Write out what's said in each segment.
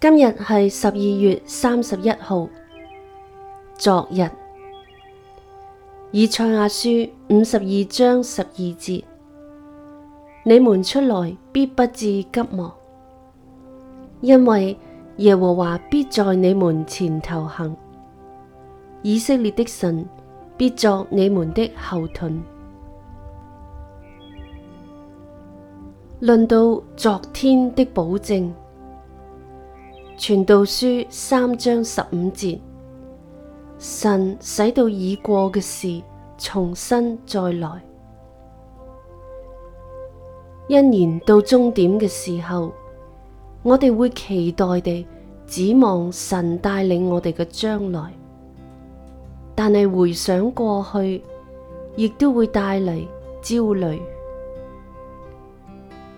今日係十二月三十一號。昨日以賽亞書五十二章十二節：你們出來必不至急忙，因為耶和華必在你們前頭行，以色列的神必作你們的後盾。論到昨天的保證。傳道書三章十五節，神使到已過嘅事重新再來。一年到終點嘅時候，我哋會期待地指望神帶領我哋嘅將來，但係回想過去亦都會帶嚟焦慮。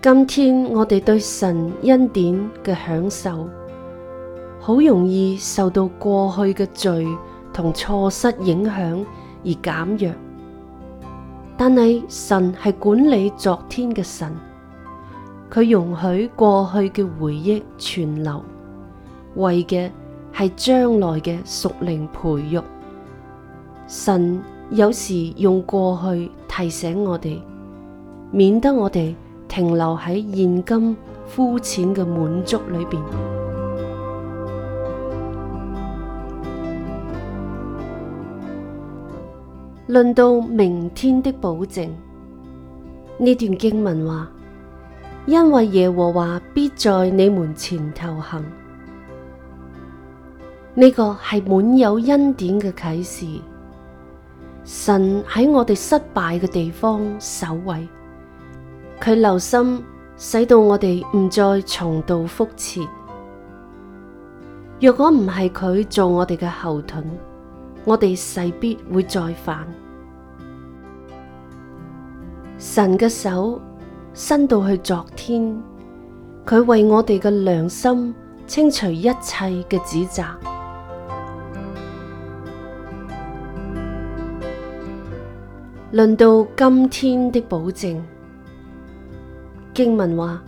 今天我哋對神恩典嘅享受。好容易受到過去嘅罪同錯失影響而減弱，但係神係管理昨天嘅神，佢容許過去嘅回憶存留，為嘅係將來嘅屬靈培育。神有時用過去提醒我哋，免得我哋停留喺現今膚淺嘅滿足裏面。論到明天的保證，呢段經文話：因為耶和華必在你們前頭行，呢、這個係滿有恩典嘅啟示。神喺我哋失敗嘅地方守衛，佢留心使到我哋唔再重蹈覆轍。若果唔係佢做我哋嘅後盾。我哋勢必會再犯，神嘅手伸到去昨天，佢為我哋嘅良心清除一切嘅指責。輪到今天的保證，經文話：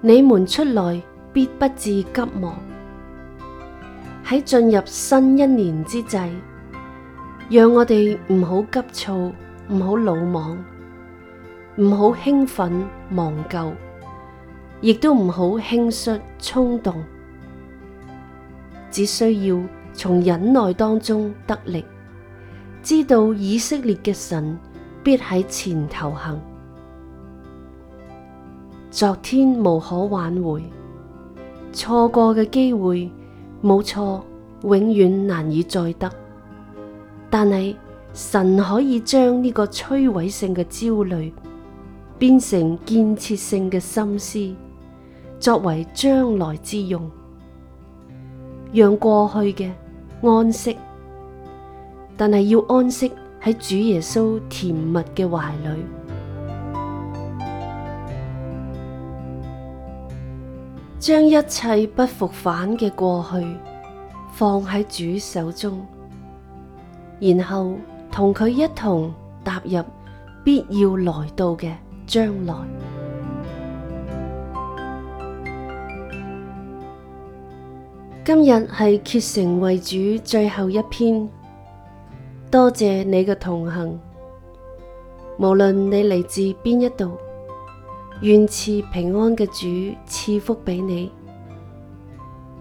你們出來必不至急忙。喺進入新一年之際。讓我哋唔好急躁，唔好魯莽，唔好興奮忘舊，亦都唔好輕率衝動。只需要從忍耐當中得力，知道以色列嘅神必喺前頭行。昨天無可挽回，錯過嘅機會冇錯，永遠難以再得。但係神可以將呢個摧毀性嘅焦慮變成建設性嘅心思，作為將來之用，讓過去嘅安息。但係要安息喺主耶穌甜蜜嘅懷裏，將一切不復返嘅過去放喺主手中。然後同佢一同踏入必要來到嘅將來。 今日係竭誠為主最後一篇，多謝你嘅同行。無論你嚟自邊一度，願賜平安嘅主賜福俾你。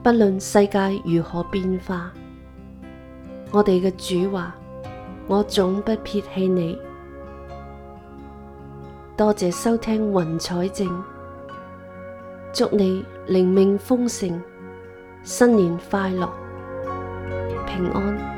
不論世界如何變化，我哋嘅主話：我總不撇棄你。多謝收聽雲彩正，祝你靈命豐盛，新年快樂，平安。